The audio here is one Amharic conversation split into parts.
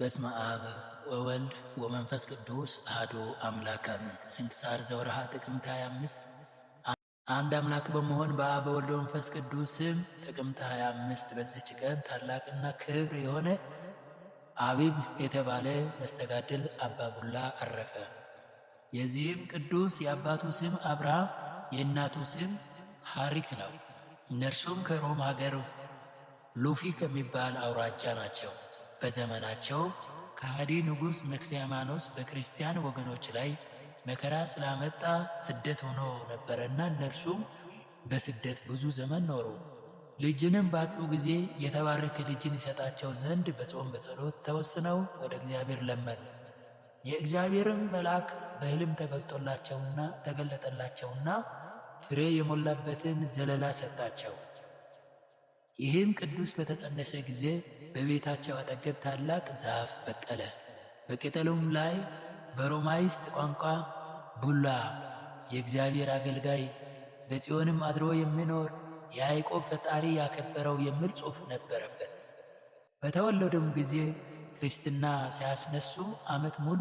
በስመ አብ ወወልድ ወመንፈስ ቅዱስ አሐዱ አምላክ አሜን። ስንክሳር ዘወርሃ ጥቅምት 25 አንድ አምላክ በመሆን በአብ ወልድ መንፈስ ቅዱስም ጥቅምት 25 በዚች ቀን ታላቅና ክብር የሆነ አቢብ የተባለ መስተጋድል አባ ቡላ አረፈ። የዚህም ቅዱስ የአባቱ ስም አብርሃም የእናቱ ስም ሐሪክ ነው። እነርሱም ከሮም ሀገር ሉፊ ከሚባል አውራጃ ናቸው። በዘመናቸው ከሃዲ ንጉሥ መክሲያማኖስ በክርስቲያን ወገኖች ላይ መከራ ስላመጣ ስደት ሆኖ ነበረና እነርሱም በስደት ብዙ ዘመን ኖሩ። ልጅንም ባጡ ጊዜ የተባረከ ልጅን ይሰጣቸው ዘንድ በጾም በጸሎት ተወስነው ወደ እግዚአብሔር ለመኑ። የእግዚአብሔርም መልአክ በሕልም ተገልጦላቸውና ተገለጠላቸውና ፍሬ የሞላበትን ዘለላ ሰጣቸው። ይህም ቅዱስ በተጸነሰ ጊዜ በቤታቸው አጠገብ ታላቅ ዛፍ በቀለ። በቅጠሉም ላይ በሮማይስጥ ቋንቋ ቡላ የእግዚአብሔር አገልጋይ በጽዮንም አድሮ የሚኖር የያዕቆብ ፈጣሪ ያከበረው የሚል ጽሑፍ ነበረበት። በተወለደም ጊዜ ክርስትና ሲያስነሱ ዓመት ሙሉ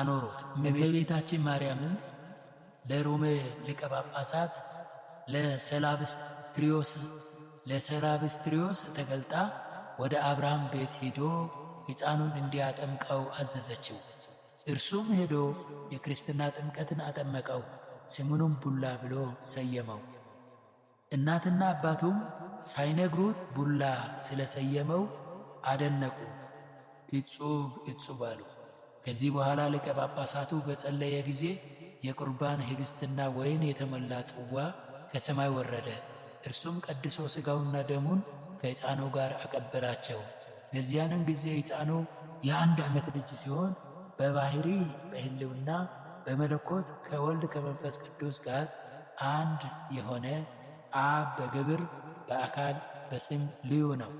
አኖሩት። እመቤታችን ማርያምም ለሮሜ ሊቀ ጳጳሳት ለሰላብስትሪዮስ ለሰራብስትሪዮስ ተገልጣ ወደ አብርሃም ቤት ሄዶ ሕፃኑን እንዲያጠምቀው አዘዘችው። እርሱም ሄዶ የክርስትና ጥምቀትን አጠመቀው። ስሙንም ቡላ ብሎ ሰየመው። እናትና አባቱም ሳይነግሩት ቡላ ስለሰየመው አደነቁ፣ እጹብ እጹብ አሉ። ከዚህ በኋላ ሊቀ ጳጳሳቱ በጸለየ ጊዜ የቁርባን ህብስትና ወይን የተሞላ ጽዋ ከሰማይ ወረደ። እርሱም ቀድሶ ሥጋውና ደሙን ከሕፃኑ ጋር አቀበላቸው። በዚያንም ጊዜ ሕፃኑ የአንድ ዓመት ልጅ ሲሆን በባሕሪ በሕልውና በመለኮት ከወልድ ከመንፈስ ቅዱስ ጋር አንድ የሆነ አብ በግብር በአካል በስም ልዩ ነው።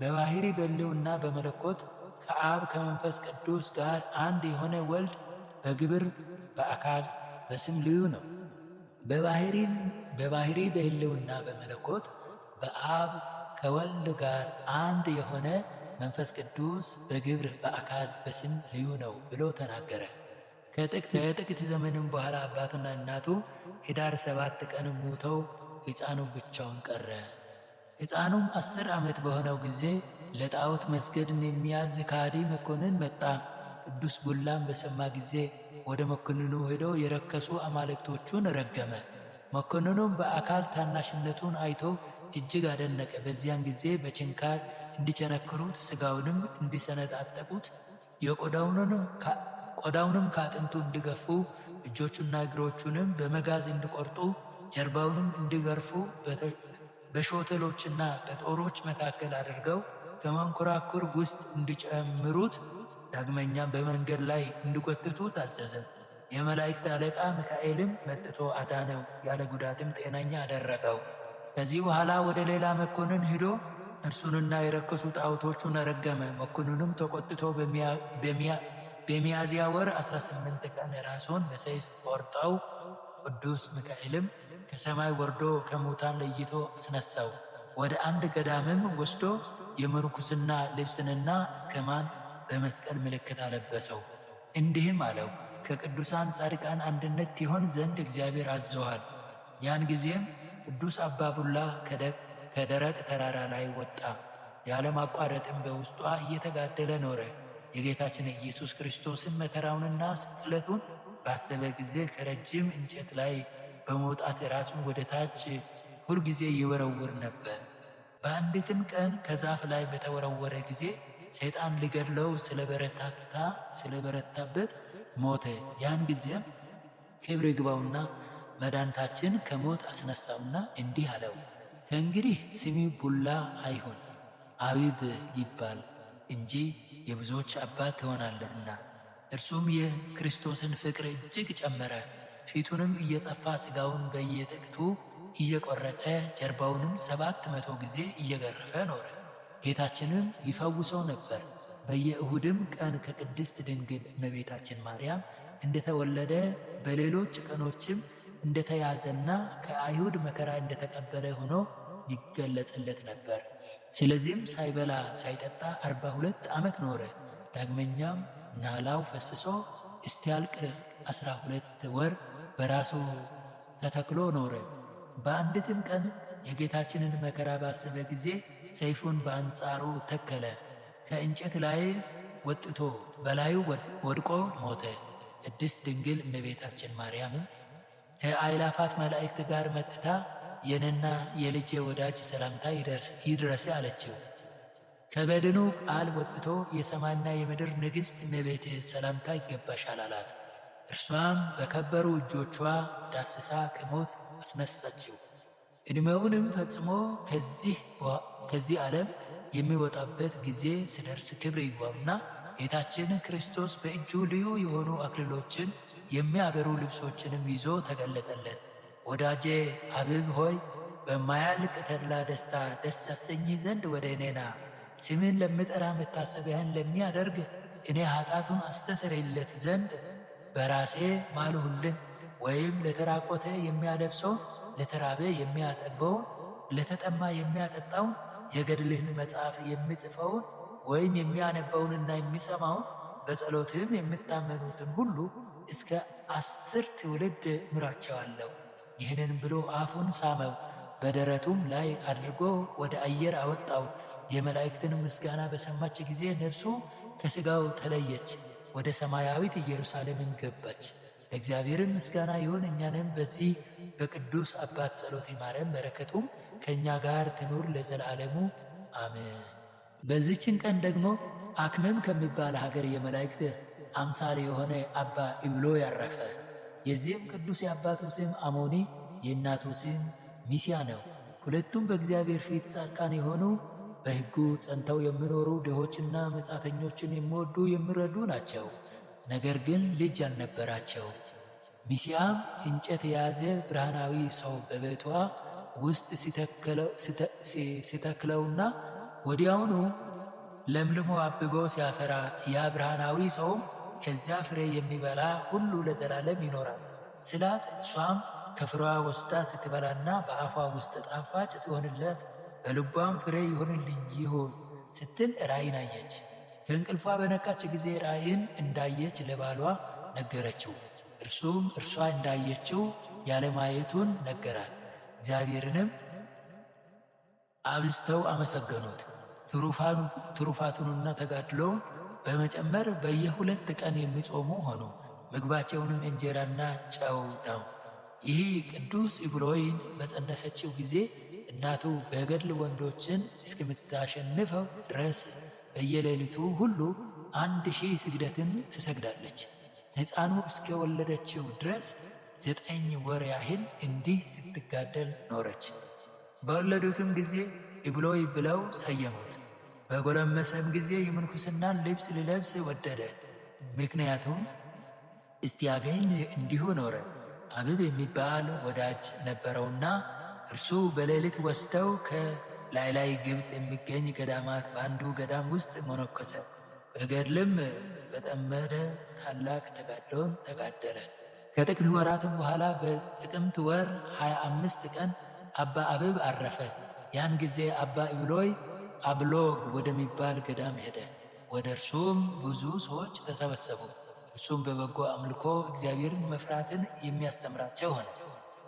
በባሕሪ በሕልውና በመለኮት ከአብ ከመንፈስ ቅዱስ ጋር አንድ የሆነ ወልድ በግብር በአካል በስም ልዩ ነው። በባሕሪም በባህሪ በህልውና በመለኮት በአብ ከወልድ ጋር አንድ የሆነ መንፈስ ቅዱስ በግብር በአካል በስም ልዩ ነው ብሎ ተናገረ። ከጥቂት ዘመንም በኋላ አባቱና እናቱ ኅዳር ሰባት ቀን ሞተው ሕፃኑ ብቻውን ቀረ። ሕፃኑም አስር ዓመት በሆነው ጊዜ ለጣዖት መስገድን የሚያዝ ካህዲ መኮንን መጣ። ቅዱስ ቡላም በሰማ ጊዜ ወደ መኮንኑ ሄዶ የረከሱ አማልክቶቹን ረገመ። መኮንኑም በአካል ታናሽነቱን አይቶ እጅግ አደነቀ። በዚያን ጊዜ በችንካር እንዲቸነክሩት፣ ስጋውንም እንዲሰነጣጠቁት፣ ቆዳውንም ከአጥንቱ እንዲገፉ፣ እጆቹና እግሮቹንም በመጋዝ እንዲቆርጡ፣ ጀርባውንም እንዲገርፉ በሾተሎችና በጦሮች መካከል አድርገው ከመንኮራኩር ውስጥ እንዲጨምሩት፣ ዳግመኛም በመንገድ ላይ እንዲጎትቱ ታዘዘ። የመላእክት አለቃ ሚካኤልም መጥቶ አዳነው፣ ያለ ጉዳትም ጤናኛ አደረገው። ከዚህ በኋላ ወደ ሌላ መኮንን ሂዶ እርሱንና የረከሱ ጣዖቶቹን ረገመ። መኮንኑም ተቆጥቶ በሚያዝያ ወር 18 ቀን ራሱን በሰይፍ ቆርጠው፣ ቅዱስ ሚካኤልም ከሰማይ ወርዶ ከሙታን ለይቶ አስነሳው። ወደ አንድ ገዳምም ወስዶ የመርኩስና ልብስንና እስከማን በመስቀል ምልክት አለበሰው። እንዲህም አለው ከቅዱሳን ጻድቃን አንድነት ይሆን ዘንድ እግዚአብሔር አዘዋል። ያን ጊዜም ቅዱስ አባቡላ ከደረቅ ተራራ ላይ ወጣ፣ ያለማቋረጥም በውስጧ እየተጋደለ ኖረ። የጌታችን ኢየሱስ ክርስቶስን መከራውንና ስቅለቱን ባሰበ ጊዜ ከረጅም እንጨት ላይ በመውጣት ራሱን ወደ ታች ሁልጊዜ ይወረውር ነበር። በአንዲትም ቀን ከዛፍ ላይ በተወረወረ ጊዜ ሰይጣን ሊገድለው ስለበረታታ ስለበረታበት ሞተ። ያን ጊዜም ክብር ይግባውና መድኃኒታችን ከሞት አስነሳውና እንዲህ አለው፣ ከእንግዲህ ስሚ ቡላ አይሁን አቢብ ይባል እንጂ የብዙዎች አባት ትሆናለህና። እርሱም የክርስቶስን ፍቅር እጅግ ጨመረ። ፊቱንም እየጠፋ ሥጋውን በየጥቅቱ እየቆረጠ ጀርባውንም ሰባት መቶ ጊዜ እየገረፈ ኖረ። ጌታችንም ይፈውሰው ነበር። በየእሁድም ቀን ከቅድስት ድንግል እመቤታችን ማርያም እንደተወለደ በሌሎች ቀኖችም እንደተያዘና ከአይሁድ መከራ እንደተቀበለ ሆኖ ይገለጽለት ነበር። ስለዚህም ሳይበላ ሳይጠጣ አርባ ሁለት ዓመት ኖረ። ዳግመኛም ናላው ፈስሶ እስቲያልቅ አስራ ሁለት ወር በራሱ ተተክሎ ኖረ። በአንዲትም ቀን የጌታችንን መከራ ባሰበ ጊዜ ሰይፉን በአንጻሩ ተከለ። ከእንጨት ላይ ወጥቶ በላዩ ወድቆ ሞተ። ቅድስት ድንግል እመቤታችን ማርያምም ከአይላፋት መላእክት ጋር መጥታ የነና የልጄ ወዳጅ ሰላምታ ይድረስ አለችው። ከበድኑ ቃል ወጥቶ የሰማይና የምድር ንግሥት እመቤቴ ሰላምታ ይገባሻል አላት። እርሷም በከበሩ እጆቿ ዳስሳ ከሞት አስነሳችው። ዕድሜውንም ፈጽሞ ከዚህ ዓለም የሚወጣበት ጊዜ ስደርስ ክብር ይግባውና ጌታችን ክርስቶስ በእጁ ልዩ የሆኑ አክሊሎችን የሚያበሩ ልብሶችንም ይዞ ተገለጠለት። ወዳጄ ሐቢብ ሆይ በማያልቅ ተድላ ደስታ ደስ ያሰኝ ዘንድ ወደ እኔና ስምን ለምጠራ መታሰቢያን ለሚያደርግ እኔ ኃጢአቱን አስተሰርይለት ዘንድ በራሴ ማልሁልን። ወይም ለተራቆተ የሚያለብሰውን፣ ለተራበ የሚያጠግበውን፣ ለተጠማ የሚያጠጣውን የገድልህን መጽሐፍ የሚጽፈውን ወይም የሚያነበውንና የሚሰማውን በጸሎትህም የሚታመኑትን ሁሉ እስከ አስር ትውልድ ምራቸዋለሁ። ይህንን ብሎ አፉን ሳመው፣ በደረቱም ላይ አድርጎ ወደ አየር አወጣው። የመላእክትን ምስጋና በሰማች ጊዜ ነፍሱ ከሥጋው ተለየች፣ ወደ ሰማያዊት ኢየሩሳሌምን ገባች። ለእግዚአብሔርን ምስጋና ይሁን፣ እኛንም በዚህ በቅዱስ አባት ጸሎት ይማረን፣ በረከቱም ከእኛ ጋር ትኑር ለዘላለሙ አሜን። በዚችን ቀን ደግሞ አክመም ከሚባል ሀገር የመላእክት አምሳል የሆነ አባ ኢብሎ ያረፈ። የዚህም ቅዱስ የአባቱ ስም አሞኒ የእናቱ ስም ሚስያ ነው። ሁለቱም በእግዚአብሔር ፊት ጻድቃን የሆኑ በሕጉ ጸንተው የሚኖሩ ድሆችና መጻተኞችን የሚወዱ የሚረዱ ናቸው። ነገር ግን ልጅ አልነበራቸው። ሚስያም እንጨት የያዘ ብርሃናዊ ሰው በቤቷ ውስጥ ሲተክለውና ወዲያውኑ ለምልሞ አብቦ ሲያፈራ ያ ብርሃናዊ ሰውም ከዚያ ፍሬ የሚበላ ሁሉ ለዘላለም ይኖራል ስላት እሷም ከፍሬዋ ወስዳ ስትበላና በአፏ ውስጥ ጣፋጭ ሲሆንለት በልቧም ፍሬ ይሆንልኝ ይሁን ስትል ራእይን አየች። ከእንቅልፏ በነቃች ጊዜ ራእይን እንዳየች ለባሏ ነገረችው። እርሱም እርሷ እንዳየችው ያለማየቱን ነገራት። እግዚአብሔርንም አብዝተው አመሰገኑት። ትሩፋቱንና ተጋድሎውን በመጨመር በየሁለት ቀን የሚጾሙ ሆኑ። ምግባቸውንም እንጀራና ጨው ነው። ይህ ቅዱስ ዕብሎይን በጸነሰችው ጊዜ እናቱ በገድል ወንዶችን እስከምታሸንፈው ድረስ በየሌሊቱ ሁሉ አንድ ሺህ ስግደትን ትሰግዳለች። ሕፃኑ እስከወለደችው ድረስ ዘጠኝ ወር ያህል እንዲህ ስትጋደል ኖረች። በወለዱትም ጊዜ እብሎይ ብለው ሰየሙት። በጎለመሰም ጊዜ የምንኩስናን ልብስ ሊለብስ ወደደ። ምክንያቱም እስቲያገኝ እንዲሁ ኖረ። አብብ የሚባል ወዳጅ ነበረውና እርሱ በሌሊት ወስደው ከላይላይ ግብፅ የሚገኝ ገዳማት በአንዱ ገዳም ውስጥ መነኮሰ። በገድልም በጠመደ ታላቅ ተጋድሎን ተጋደለ። ከጥቂት ወራትም በኋላ በጥቅምት ወር 25 ቀን አባ አብብ አረፈ። ያን ጊዜ አባ ኢብሎይ አብሎግ ወደሚባል ገዳም ሄደ። ወደ እርሱም ብዙ ሰዎች ተሰበሰቡ። እርሱም በበጎ አምልኮ እግዚአብሔርን መፍራትን የሚያስተምራቸው ሆነ።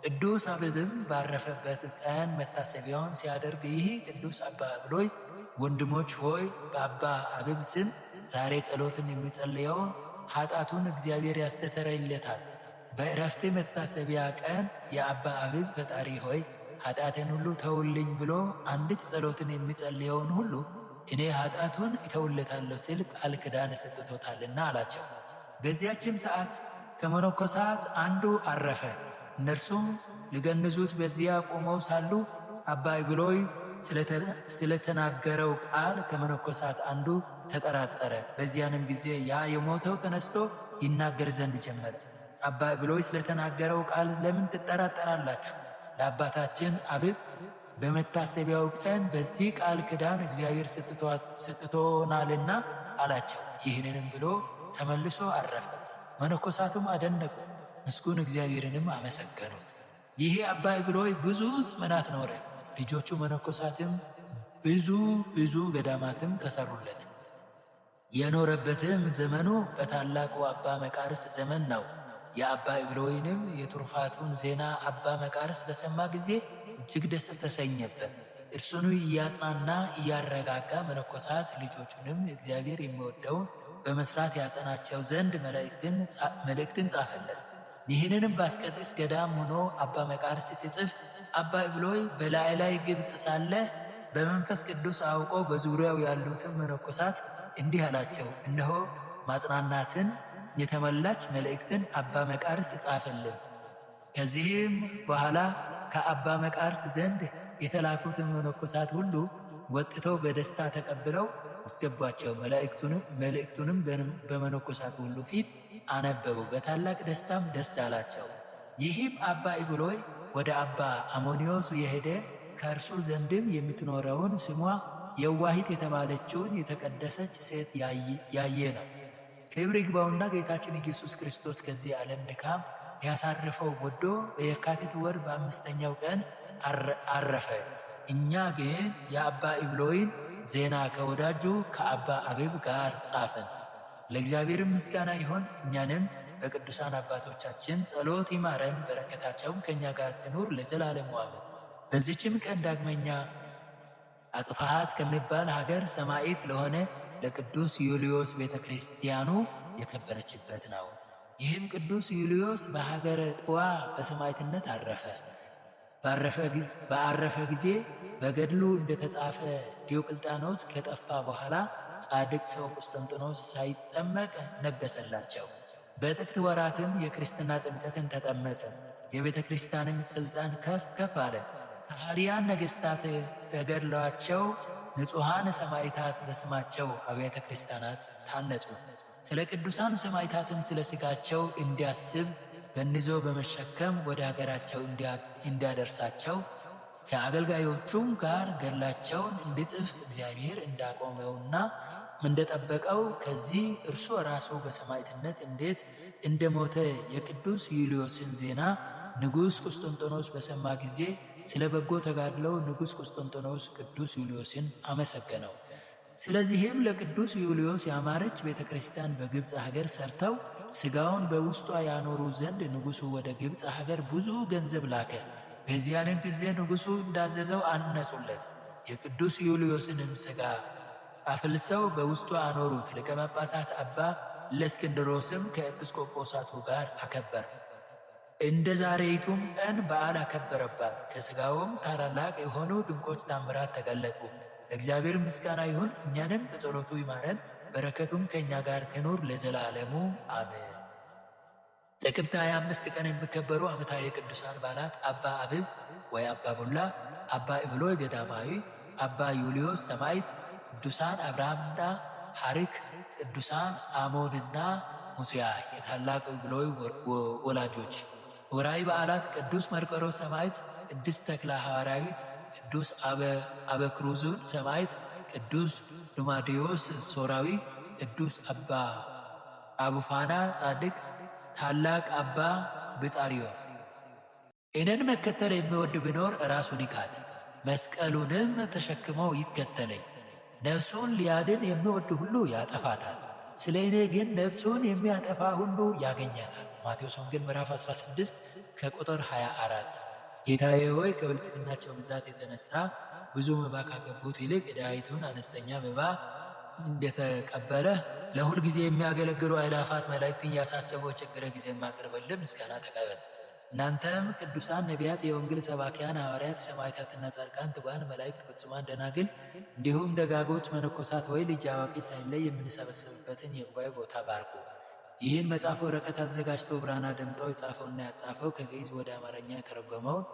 ቅዱስ አብብም ባረፈበት ቀን መታሰቢያውን ሲያደርግ ይህ ቅዱስ አባ አብሎይ ወንድሞች ሆይ በአባ አብብ ስም ዛሬ ጸሎትን የሚጸልየው ኃጢአቱን እግዚአብሔር ያስተሰረይለታል በእረፍቴ መታሰቢያ ቀን የአባ አቢብ ፈጣሪ ሆይ ኃጢአቴን ሁሉ ተውልኝ ብሎ አንዲት ጸሎትን የሚጸልየውን ሁሉ እኔ ኃጢአቱን እተውለታለሁ ሲል ቃል ክዳን ሰጥቶታልና አላቸው። በዚያችም ሰዓት ከመነኮሳት አንዱ አረፈ። እነርሱም ሊገንዙት በዚያ ቆመው ሳሉ አባይ ብሎይ ስለተናገረው ቃል ከመነኮሳት አንዱ ተጠራጠረ። በዚያንም ጊዜ ያ የሞተው ተነስቶ ይናገር ዘንድ ጀመረ። አባ ብሎይ ስለተናገረው ቃል ለምን ትጠራጠራላችሁ? ለአባታችን አብብ በመታሰቢያው ቀን በዚህ ቃል ክዳን እግዚአብሔር ስጥቶናልና አላቸው። ይህንንም ብሎ ተመልሶ አረፈ። መነኮሳቱም አደነቁ፣ ምስጉን እግዚአብሔርንም አመሰገኑት። ይሄ አባ ብሎይ ብዙ ዘመናት ኖረ። ልጆቹ መነኮሳትም ብዙ ብዙ ገዳማትም ተሰሩለት። የኖረበትም ዘመኑ በታላቁ አባ መቃርስ ዘመን ነው። የአባ ዕብራዊንም የትሩፋቱን ዜና አባ መቃርስ በሰማ ጊዜ እጅግ ደስ ተሰኘበት። እርሱኑ እያጽናና እያረጋጋ መነኮሳት ልጆቹንም እግዚአብሔር የሚወደው በመስራት ያጸናቸው ዘንድ መልእክትን ጻፈለት። ይህንንም ባስቀጥስ ገዳም ሆኖ አባ መቃርስ ሲጽፍ አባ ዕብራዊ በላይ ላይ ግብፅ ሳለ በመንፈስ ቅዱስ አውቆ በዙሪያው ያሉትን መነኮሳት እንዲህ አላቸው፣ እነሆ ማጽናናትን የተሞላች መልእክትን አባ መቃርስ ጻፈልን። ከዚህም በኋላ ከአባ መቃርስ ዘንድ የተላኩትን መነኮሳት ሁሉ ወጥተው በደስታ ተቀብለው አስገቧቸው። መልእክቱንም በመነኮሳት ሁሉ ፊት አነበቡ። በታላቅ ደስታም ደስ አላቸው። ይህም አባ ኢብሎይ ወደ አባ አሞኒዮስ የሄደ ከእርሱ ዘንድም የምትኖረውን ስሟ የዋሂት የተባለችውን የተቀደሰች ሴት ያየ ነው። ክብር ይግባውና ጌታችን ኢየሱስ ክርስቶስ ከዚህ ዓለም ድካም ያሳረፈው ወዶ በየካቲት ወር በአምስተኛው ቀን አረፈ። እኛ ግን የአባ ኢብሎይን ዜና ከወዳጁ ከአባ አቤብ ጋር ጻፈን። ለእግዚአብሔር ምስጋና ይሆን። እኛንም በቅዱሳን አባቶቻችን ጸሎት ይማረን፣ በረከታቸውም ከእኛ ጋር ትኑር ለዘላለም አሜን። በዚችም ቀን ዳግመኛ አቅፋሃስ ከሚባል ሀገር ሰማዕት ለሆነ ለቅዱስ ዩልዮስ ቤተ ክርስቲያኑ የከበረችበት ነው። ይህም ቅዱስ ዩልዮስ በሀገረ ጥዋ በሰማዕትነት አረፈ። በአረፈ ጊዜ በገድሉ እንደተጻፈ ዲዮቅልጣኖስ ከጠፋ በኋላ ጻድቅ ሰው ቁስጥንጥኖስ ሳይጠመቅ ነገሰላቸው። በጥቂት ወራትም የክርስትና ጥምቀትን ተጠመቀ። የቤተ ክርስቲያንም ሥልጣን ከፍ ከፍ አለ። ከሃዲያን ነገሥታት ከገድሏቸው ንጹሐን ሰማይታት በስማቸው አብያተ ክርስቲያናት ታነጹ። ስለ ቅዱሳን ሰማይታትም ስለ ሥጋቸው እንዲያስብ ገንዞ በመሸከም ወደ አገራቸው እንዲያደርሳቸው ከአገልጋዮቹም ጋር ገድላቸውን እንዲጽፍ እግዚአብሔር እንዳቆመውና እንደጠበቀው ከዚህ እርሱ ራሱ በሰማዕትነት እንዴት እንደሞተ የቅዱስ ዩልዮስን ዜና ንጉሥ ቁስጥንጥኖስ በሰማ ጊዜ ስለ በጎ ተጋድለው ንጉሥ ቁስጥንጥኖስ ቅዱስ ዩልዮስን አመሰገነው። ስለዚህም ለቅዱስ ዩልዮስ ያማረች ቤተ ክርስቲያን በግብፅ ሀገር ሰርተው ሥጋውን በውስጧ ያኖሩ ዘንድ ንጉሡ ወደ ግብፅ ሀገር ብዙ ገንዘብ ላከ። በዚያንም ጊዜ ንጉሡ እንዳዘዘው አነጹለት። የቅዱስ ዩልዮስንም ሥጋ አፍልሰው በውስጡ አኖሩት። ሊቀ ጳጳሳት አባ ለእስክንድሮስም ከኤጲስቆጶሳቱ ጋር አከበር። እንደ ዛሬይቱም ቀን በዓል አከበረባት። ከሥጋውም ታላላቅ የሆኑ ድንቆች ታምራት ተገለጡ። ለእግዚአብሔር ምስጋና ይሁን፣ እኛንም በጸሎቱ ይማረን፣ በረከቱም ከእኛ ጋር ትኑር ለዘላለሙ አሜን። ጥቅምት 25 ቀን የሚከበሩ ዓመታዊ የቅዱሳን በዓላት አባ አብብ ወይ አባ ቡላ፣ አባ እብሎ ገዳማዊ፣ አባ ዩልዮስ ሰማዕት፣ ቅዱሳን አብርሃምና ሐሪክ፣ ቅዱሳን አሞንና ሙስያ የታላቅ እብሎይ ወላጆች ወርኃዊ በዓላት ቅዱስ መርቆሬዎስ ሰማዕት፣ ቅድስት ተክለ ሐዋርያዊት፣ ቅዱስ አበክሩዝን ሰማዕት፣ ቅዱስ ዱማዲዮስ ሶራዊ፣ ቅዱስ አባ አቡፋና ጻድቅ፣ ታላቅ አባ ብጻሪዮ። እኔን መከተል የሚወድ ቢኖር ራሱን ይካድ መስቀሉንም ተሸክሞ ይከተለኝ። ነፍሱን ሊያድን የሚወድ ሁሉ ያጠፋታል፣ ስለ እኔ ግን ነፍሱን የሚያጠፋ ሁሉ ያገኛታል። ማቴዎስ ወንጌል ምዕራፍ 16 ከቁጥር 24 ጌታዬ ሆይ ከብልጽግናቸው ብዛት የተነሳ ብዙ መባ ካገቡት ይልቅ ዳዊቱን አነስተኛ መባ እንደተቀበለ ለሁል ጊዜ የሚያገለግሉ አእላፋት መላእክት እያሳሰበው ችግረ ጊዜ ማቅርብልን ምስጋና ተቀበል። እናንተም ቅዱሳን ነቢያት፣ የወንጌል ሰባኪያን ሐዋርያት፣ ሰማዕታትና ጻድቃን፣ ትጉሃን መላእክት፣ ፍጹማን ደናግል፣ እንዲሁም ደጋጎች መነኮሳት ወይ ልጅ አዋቂ ሳይለይ የምንሰበሰብበትን የጉባኤ ቦታ ባርኩ። ይህም መጽሐፍ ወረቀት አዘጋጅቶ ብራና ደምጠው የጻፈውና ያጻፈው ከግዕዝ ወደ አማርኛ የተረጎመውን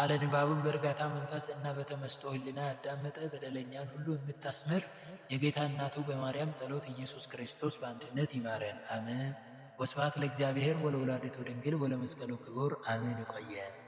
አለ ንባቡን በእርጋታ መንፈስ እና በተመስጦ ሕሊና ያዳመጠ በደለኛን ሁሉ የምታስምር የጌታ እናቱ በማርያም ጸሎት ኢየሱስ ክርስቶስ በአንድነት ይማረን፣ አሜን። ወስብሐት ለእግዚአብሔር ወለወላዲቱ ድንግል ወለመስቀሉ ክቡር፣ አሜን። ይቆየን።